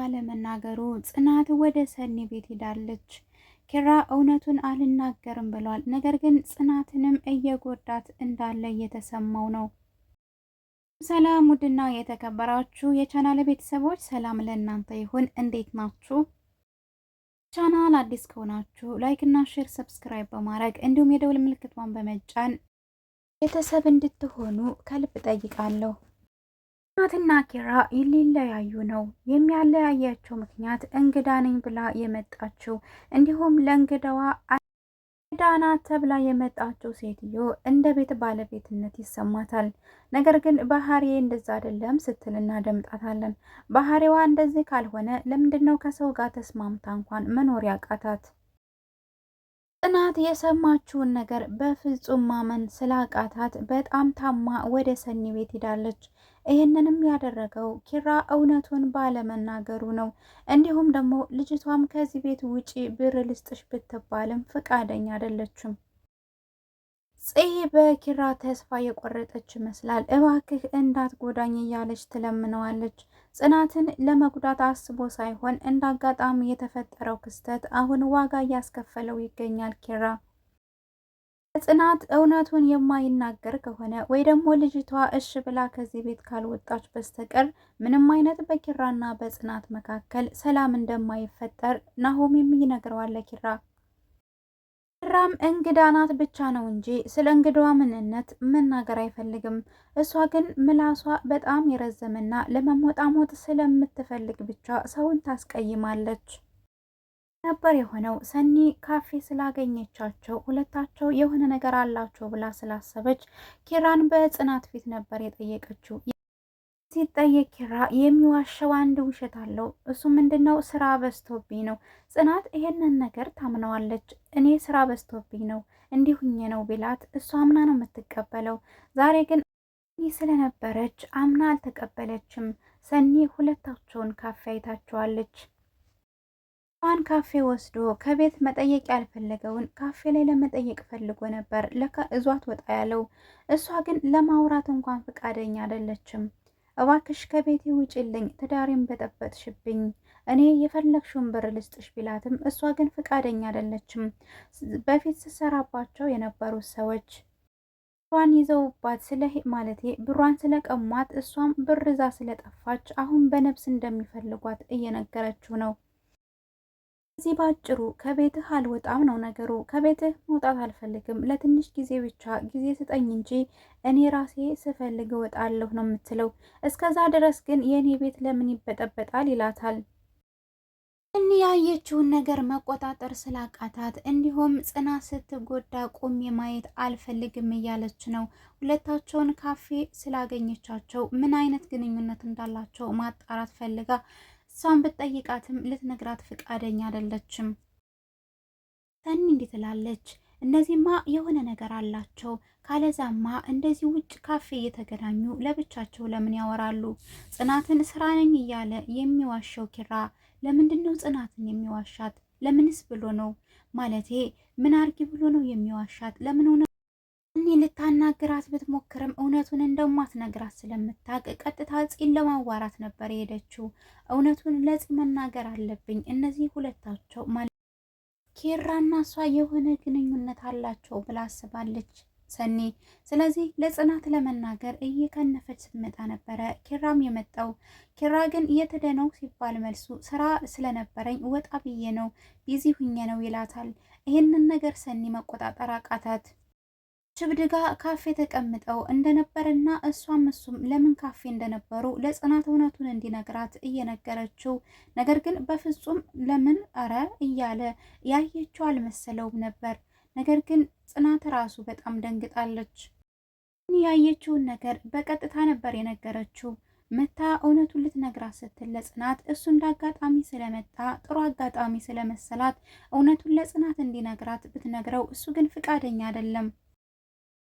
ባለመናገሩ ጽናት ወደ ሰኒ ቤት ሄዳለች። ኪራ እውነቱን አልናገርም ብሏል። ነገር ግን ጽናትንም እየጎዳት እንዳለ እየተሰማው ነው። ሰላም ውድና የተከበራችሁ የቻናል ቤተሰቦች ሰላም ለእናንተ ይሁን። እንዴት ናችሁ? ቻናል አዲስ ከሆናችሁ ላይክ እና ሼር፣ ሰብስክራይብ በማድረግ እንዲሁም የደውል ምልክቷን በመጫን ቤተሰብ እንድትሆኑ ከልብ ጠይቃለሁ። ጽናትና ኪራ ሊለያዩ ነው። የሚያለያያቸው ምክንያት እንግዳ ነኝ ብላ የመጣችው እንዲሁም ለእንግዳዋ ዳና ተብላ የመጣችው ሴትዮ እንደ ቤት ባለቤትነት ይሰማታል። ነገር ግን ባህሪዬ እንደዛ አይደለም ስትል እናደምጣታለን። ባህሪዋ እንደዚህ ካልሆነ ለምንድን ነው ከሰው ጋር ተስማምታ እንኳን መኖር ያቃታት? ጽናት የሰማችውን ነገር በፍጹም ማመን ስላቃታት በጣም ታማ ወደ ሰኒ ቤት ሄዳለች። ይህንንም ያደረገው ኪራ እውነቱን ባለመናገሩ ነው። እንዲሁም ደግሞ ልጅቷም ከዚህ ቤት ውጪ ብር ልስጥሽ ብትባልም ፈቃደኛ አይደለችም። ጽይ በኪራ ተስፋ የቆረጠች ይመስላል። እባክህ እንዳትጎዳኝ እያለች ትለምነዋለች። ጽናትን ለመጉዳት አስቦ ሳይሆን እንዳጋጣሚ የተፈጠረው ክስተት አሁን ዋጋ እያስከፈለው ይገኛል ኪራ ጽናት እውነቱን የማይናገር ከሆነ ወይ ደግሞ ልጅቷ እሽ ብላ ከዚህ ቤት ካልወጣች በስተቀር ምንም አይነት በኪራና በጽናት መካከል ሰላም እንደማይፈጠር ናሆሜም ይነግረዋል ለኪራ። ኪራም እንግዳ ናት ብቻ ነው እንጂ ስለ እንግዳዋ ምንነት መናገር አይፈልግም። እሷ ግን ምላሷ በጣም የረዘመና ለመሞጣሞጥ ስለምትፈልግ ብቻ ሰውን ታስቀይማለች። ነበር የሆነው። ሰኒ ካፌ ስላገኘቻቸው ሁለታቸው የሆነ ነገር አላቸው ብላ ስላሰበች ኪራን በጽናት ፊት ነበር የጠየቀችው። ሲጠየቅ ኪራ የሚዋሸው አንድ ውሸት አለው። እሱ ምንድን ነው? ስራ በዝቶብኝ ነው። ጽናት ይሄንን ነገር ታምነዋለች። እኔ ስራ በዝቶብኝ ነው እንዲሁኝ ነው ቢላት እሱ አምና ነው የምትቀበለው። ዛሬ ግን ስለነበረች አምና አልተቀበለችም። ሰኒ ሁለታቸውን ካፌ አይታቸዋለች። ፋን ካፌ ወስዶ ከቤት መጠየቅ ያልፈለገውን ካፌ ላይ ለመጠየቅ ፈልጎ ነበር። ለካ እዟት ወጣ ያለው እሷ ግን ለማውራት እንኳን ፈቃደኛ አይደለችም። እባክሽ ከቤቴ ውጭልኝ፣ ትዳሬን በጠበጥሽብኝ፣ እኔ የፈለግሽውን ብር ልስጥሽ ቢላትም እሷ ግን ፈቃደኛ አይደለችም። በፊት ስሰራባቸው የነበሩት ሰዎች ብሯን ይዘውባት ስለ ማለቴ ብሯን ስለቀሟት እሷም ብር እዛ ስለጠፋች አሁን በነብስ እንደሚፈልጓት እየነገረችው ነው። እዚህ ባጭሩ ከቤትህ አልወጣም ነው ነገሩ። ከቤትህ መውጣት አልፈልግም፣ ለትንሽ ጊዜ ብቻ ጊዜ ስጠኝ እንጂ እኔ ራሴ ስፈልግ እወጣለሁ ነው የምትለው። እስከዛ ድረስ ግን የእኔ ቤት ለምን ይበጠበጣል ይላታል። እኒ ያየችውን ነገር መቆጣጠር ስላቃታት እንዲሁም ጽና ስትጎዳ ቁሜ ማየት አልፈልግም እያለች ነው። ሁለታቸውን ካፌ ስላገኘቻቸው ምን አይነት ግንኙነት እንዳላቸው ማጣራት ፈልጋ እሷን ብትጠይቃትም ልትነግራት ፈቃደኛ አይደለችም። ሰኒ እንዲህ ትላለች፣ እነዚህማ የሆነ ነገር አላቸው፣ ካለዛማ እንደዚህ ውጭ ካፌ እየተገናኙ ለብቻቸው ለምን ያወራሉ? ጽናትን ስራ ነኝ እያለ የሚዋሸው ኪራ ለምንድን ነው ጽናትን የሚዋሻት? ለምንስ ብሎ ነው ማለቴ ምን አርጊ ብሎ ነው የሚዋሻት? ለምን ሆነ እኔ ልታናግራት ብትሞክርም እውነቱን እንደማትነግራት ስለምታውቅ ቀጥታ ፂን ለማዋራት ነበር የሄደችው። እውነቱን ለፂ መናገር አለብኝ። እነዚህ ሁለታቸው ማለት ኬራና እሷ የሆነ ግንኙነት አላቸው ብላ አስባለች ሰኒ። ስለዚህ ለጽናት ለመናገር እየከነፈች ስትመጣ ነበረ ኬራም የመጣው። ኬራ ግን የተደነው ሲባል መልሱ ስራ ስለነበረኝ ወጣ ብዬ ነው ቢዚ ሁኜ ነው ይላታል። ይህንን ነገር ሰኒ መቆጣጠር አቃታት። ችብድ ጋ ካፌ ተቀምጠው እንደነበረና እሷም እሱም ለምን ካፌ እንደነበሩ ለጽናት እውነቱን እንዲነግራት እየነገረችው ነገር ግን በፍጹም ለምን እረ እያለ ያየችው አልመሰለውም ነበር። ነገር ግን ጽናት ራሱ በጣም ደንግጣለች። ያየችውን ነገር በቀጥታ ነበር የነገረችው። መታ እውነቱን ልትነግራት ስትል ለጽናት እሱ እንደ አጋጣሚ ስለመጣ ጥሩ አጋጣሚ ስለመሰላት እውነቱን ለጽናት እንዲነግራት ብትነግረው እሱ ግን ፍቃደኛ አይደለም።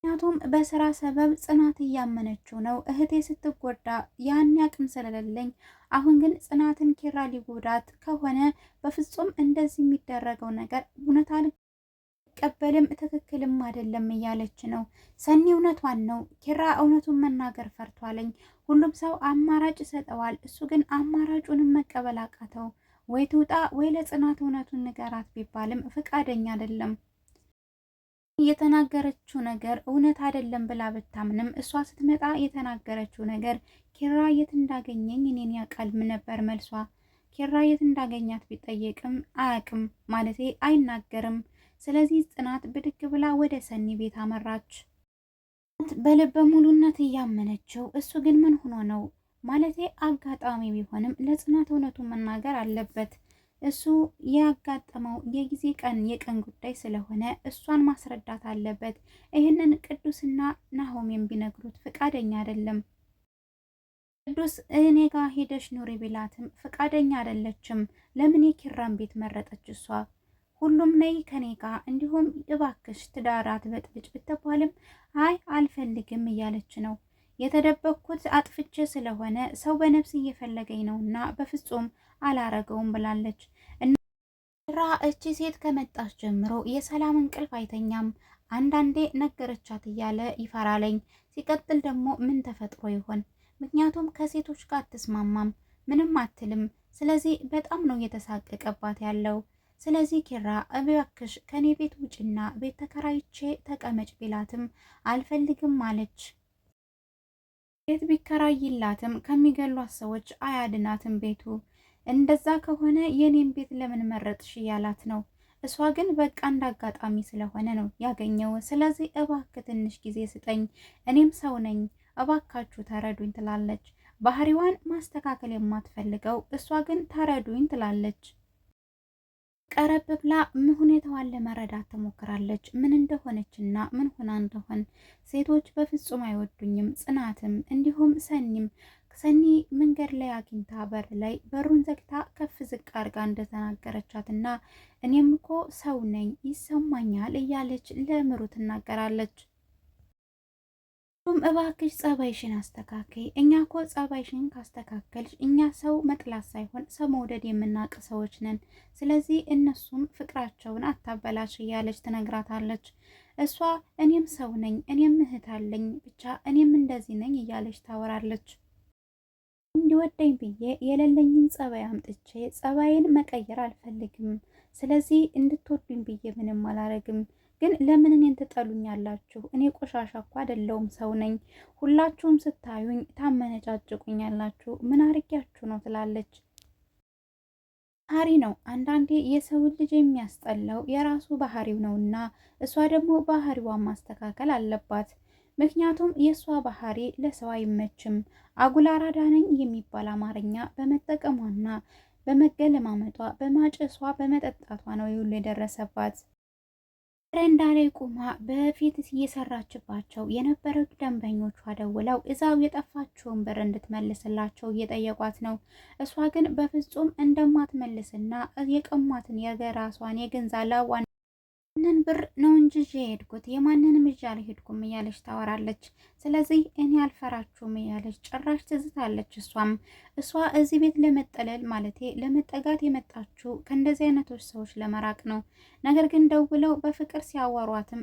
ምክንያቱም በስራ ሰበብ ጽናት እያመነችው ነው። እህቴ ስትጎዳ ያን አቅም ስለሌለኝ፣ አሁን ግን ጽናትን ኪራ ሊጎዳት ከሆነ በፍጹም እንደዚህ የሚደረገው ነገር እውነት አልቀበልም፣ ትክክልም አይደለም እያለች ነው። ሰኒ እውነቷን ነው። ኪራ እውነቱን መናገር ፈርቷለኝ። ሁሉም ሰው አማራጭ ይሰጠዋል፣ እሱ ግን አማራጩንም መቀበል አቃተው። ወይ ትውጣ ወይ ለጽናት እውነቱን ንገራት ቢባልም ፈቃደኛ አይደለም። የተናገረችው ነገር እውነት አይደለም ብላ ብታምንም እሷ ስትመጣ የተናገረችው ነገር ኪራ የት እንዳገኘኝ እኔን ያውቃል ነበር መልሷ። ኪራ የት እንዳገኛት ቢጠየቅም አያውቅም ማለቴ አይናገርም። ስለዚህ ጽናት ብድግ ብላ ወደ ሰኒ ቤት አመራች። በልበ ሙሉነት እያመነችው እሱ ግን ምን ሆኖ ነው ማለቴ አጋጣሚ ቢሆንም ለጽናት እውነቱ መናገር አለበት። እሱ ያጋጠመው የጊዜ ቀን የቀን ጉዳይ ስለሆነ እሷን ማስረዳት አለበት። ይህንን ቅዱስና ናሆሜም ቢነግሩት ፈቃደኛ አይደለም። ቅዱስ እኔ ጋ ሄደሽ ኑሪ ቢላትም ፈቃደኛ አይደለችም። ለምን የኪራን ቤት መረጠች እሷ? ሁሉም ነይ ከኔ እንዲሁም እባክሽ ትዳራት በጥብጭ ብትባልም አይ አልፈልግም እያለች ነው የተደበኩት አጥፍቼ ስለሆነ ሰው በነፍስ እየፈለገኝ ነውና በፍጹም አላረገውም ብላለች። ራ እቺ ሴት ከመጣች ጀምሮ የሰላም እንቅልፍ አይተኛም። አንዳንዴ ነገረቻት እያለ ይፈራለኝ። ሲቀጥል ደግሞ ምን ተፈጥሮ ይሆን? ምክንያቱም ከሴቶች ጋር አትስማማም፣ ምንም አትልም። ስለዚህ በጣም ነው እየተሳቀቀባት ያለው። ስለዚህ ኪራ እባክሽ ከኔ ቤት ውጭና ቤት ተከራይቼ ተቀመጭ ቢላትም አልፈልግም አለች። ቤት ቢከራይላትም ከሚገሏት ሰዎች አያድናትም ቤቱ እንደዛ ከሆነ የኔን ቤት ለምን መረጥሽ እያላት ነው። እሷ ግን በቃ እንዳጋጣሚ ስለሆነ ነው ያገኘው። ስለዚህ እባክህ ትንሽ ጊዜ ስጠኝ፣ እኔም ሰው ነኝ፣ እባካችሁ ተረዱኝ ትላለች። ባህሪዋን ማስተካከል የማትፈልገው እሷ ግን ተረዱኝ ትላለች። ቀረብ ብላ ሁኔታዋን ለመረዳት ትሞክራለች። ምን እንደሆነችና ምን ሆና እንደሆን ሴቶች በፍጹም አይወዱኝም ጽናትም እንዲሁም ሰኒም ሰኒ መንገድ ላይ አግኝታ በር ላይ በሩን ዘግታ ከፍ ዝቅ አድርጋ እንደተናገረቻትና እኔም እኮ ሰው ነኝ ይሰማኛል እያለች ለምሩ ትናገራለች። ሁሉም እባክሽ ጸባይሽን አስተካከይ፣ እኛ እኮ ጸባይሽን ካስተካከልሽ እኛ ሰው መጥላት ሳይሆን ሰው መውደድ የምናውቅ ሰዎች ነን። ስለዚህ እነሱም ፍቅራቸውን አታበላሽ እያለች ትነግራታለች። እሷ እኔም ሰው ነኝ፣ እኔም እህት አለኝ፣ ብቻ እኔም እንደዚህ ነኝ እያለች ታወራለች። እንዲወደኝ ብዬ የሌለኝን ጸባይ አምጥቼ ጸባይን መቀየር አልፈልግም። ስለዚህ እንድትወዱኝ ብዬ ምንም አላረግም። ግን ለምን እኔን ትጠሉኛላችሁ? እኔ ቆሻሻ እኮ አይደለሁም ሰው ነኝ። ሁላችሁም ስታዩኝ ታመነጫጭቁኛላችሁ። ምን አርጊያችሁ ነው ትላለች። አሪ ነው አንዳንዴ የሰውን ልጅ የሚያስጠላው የራሱ ባህሪው ነውና እሷ ደግሞ ባህሪዋን ማስተካከል አለባት። ምክንያቱም የእሷ ባህሪ ለሰው አይመችም። አጉል አራዳ ነኝ የሚባል አማርኛ በመጠቀሟና በመገለማመጧ በማጨሷ በመጠጣቷ ነው ይሁሉ የደረሰባት። በረንዳ ላይ ቁማ በፊት እየሰራችባቸው የነበረው ደንበኞቿ ደውለው እዛው የጠፋችውን ብር እንድትመልስላቸው እየጠየቋት ነው። እሷ ግን በፍጹም እንደማትመልስና የቀሟትን የገራሷን የገንዘብ ይህንን ብር ነው እንጂ ይዤ የሄድኩት የማንንም ይዤ አልሄድኩም እያለች ታወራለች። ስለዚህ እኔ አልፈራችሁም እያለች ጭራሽ ትዝታለች። እሷም እሷ እዚህ ቤት ለመጠለል ማለቴ ለመጠጋት የመጣችው ከእንደዚህ አይነቶች ሰዎች ለመራቅ ነው። ነገር ግን ደውለው በፍቅር ሲያወሯትም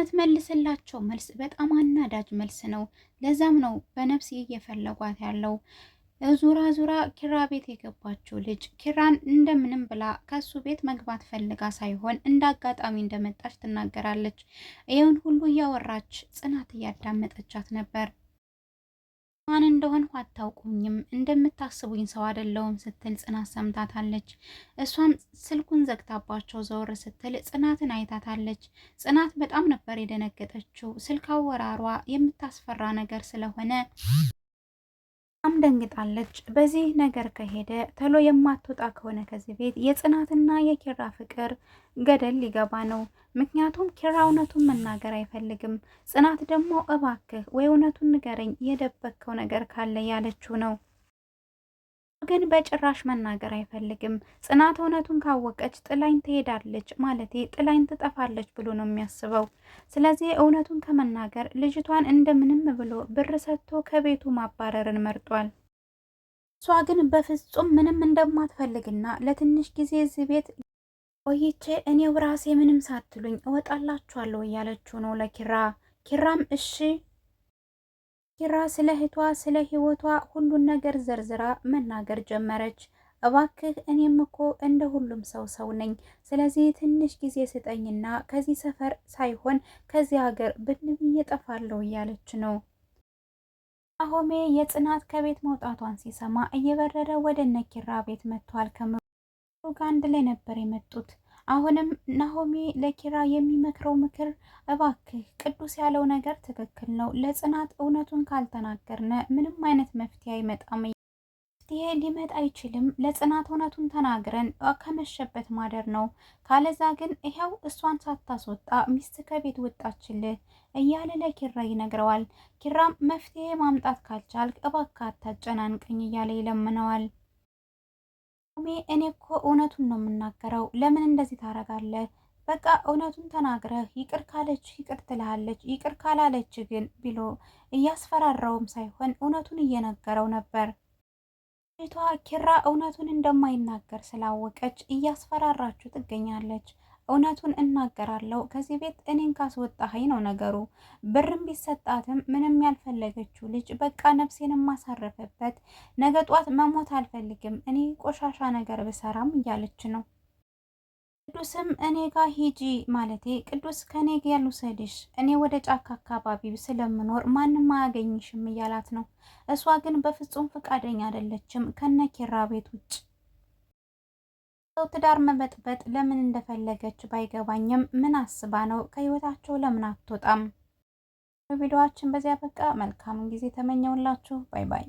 የምትመልስላቸው መልስ በጣም አናዳጅ መልስ ነው። ለዛም ነው በነፍስ እየፈለጓት ያለው ዙራ ዙራ ኪራ ቤት የገባችው ልጅ ኪራን እንደምንም ብላ ከሱ ቤት መግባት ፈልጋ ሳይሆን እንደ አጋጣሚ እንደመጣች ትናገራለች። ይህን ሁሉ እያወራች ጽናት እያዳመጠቻት ነበር። ማን እንደሆን አታውቁኝም፣ እንደምታስቡኝ ሰው አይደለሁም ስትል ጽናት ሰምታታለች። እሷም ስልኩን ዘግታባቸው ዘወር ስትል ጽናትን አይታታለች። ጽናት በጣም ነበር የደነገጠችው። ስልክ አወራሯ የምታስፈራ ነገር ስለሆነ በጣም ደንግጣለች። በዚህ ነገር ከሄደ ተሎ የማትወጣ ከሆነ ከዚህ ቤት የጽናትና የኪራ ፍቅር ገደል ሊገባ ነው። ምክንያቱም ኪራ እውነቱን መናገር አይፈልግም። ጽናት ደግሞ እባክህ ወይ እውነቱን ንገረኝ የደበከው ነገር ካለ ያለችው ነው። ግን በጭራሽ መናገር አይፈልግም። ጽናት እውነቱን ካወቀች ጥላኝ ትሄዳለች ማለቴ ጥላኝ ትጠፋለች ብሎ ነው የሚያስበው። ስለዚህ እውነቱን ከመናገር ልጅቷን እንደምንም ብሎ ብር ሰጥቶ ከቤቱ ማባረርን መርጧል። እሷ ግን በፍጹም ምንም እንደማትፈልግና ለትንሽ ጊዜ እዚህ ቤት ቆይቼ እኔው ራሴ ምንም ሳትሉኝ እወጣላችኋለሁ እያለችው ነው ለኪራ። ኪራም እሺ ኪራ ስለ እህቷ ስለ ህይወቷ ሁሉን ነገር ዘርዝራ መናገር ጀመረች። እባክህ እኔም እኮ እንደ ሁሉም ሰው ሰው ነኝ። ስለዚህ ትንሽ ጊዜ ስጠኝና ከዚህ ሰፈር ሳይሆን ከዚህ ሀገር ብንብዬ እየጠፋለሁ እያለች ነው። አሆሜ የጽናት ከቤት መውጣቷን ሲሰማ እየበረረ ወደ ነኪራ ቤት መጥቷል። ከምሩ ጋር አንድ ላይ ነበር የመጡት። አሁንም ናሆሜ ለኪራ የሚመክረው ምክር እባክህ ቅዱስ ያለው ነገር ትክክል ነው፣ ለጽናት እውነቱን ካልተናገርነ ምንም አይነት መፍትሄ አይመጣም፣ መፍትሄ ሊመጣ አይችልም። ለጽናት እውነቱን ተናግረን ከመሸበት ማደር ነው። ካለዛ ግን ይኸው እሷን ሳታስወጣ ሚስት ከቤት ወጣችልህ እያለ ለኪራ ይነግረዋል። ኪራም መፍትሄ ማምጣት ካልቻልክ እባክህ አታጨናንቀኝ እያለ ይለምነዋል። ሜ እኔ እኮ እውነቱን ነው የምናገረው። ለምን እንደዚህ ታደርጋለህ? በቃ እውነቱን ተናግረህ ይቅር ካለች ይቅር ትልሃለች፣ ይቅር ካላለች ግን ብሎ እያስፈራራውም ሳይሆን እውነቱን እየነገረው ነበር። ቷ ኪራ እውነቱን እንደማይናገር ስላወቀች እያስፈራራችሁ ትገኛለች። እውነቱን እናገራለሁ። ከዚህ ቤት እኔን ካስወጣኸኝ ነው ነገሩ። ብርም ቢሰጣትም ምንም ያልፈለገችው ልጅ በቃ ነፍሴን የማሳረፈበት ነገ ጧት መሞት አልፈልግም እኔ ቆሻሻ ነገር ብሰራም እያለች ነው። ቅዱስም እኔ ጋ ሂጂ ማለቴ ቅዱስ ከኔ ጋር ልውሰድሽ እኔ ወደ ጫካ አካባቢ ስለምኖር ማንም አያገኝሽም እያላት ነው። እሷ ግን በፍጹም ፈቃደኛ አይደለችም ከነ ቤት ውጭ ሰው ትዳር መበጥበጥ ለምን እንደፈለገች ባይገባኝም ምን አስባ ነው? ከህይወታቸው ለምን አትወጣም? ቪዲዮችን በዚያ በቃ። መልካም ጊዜ ተመኘውላችሁ። ባይ ባይ።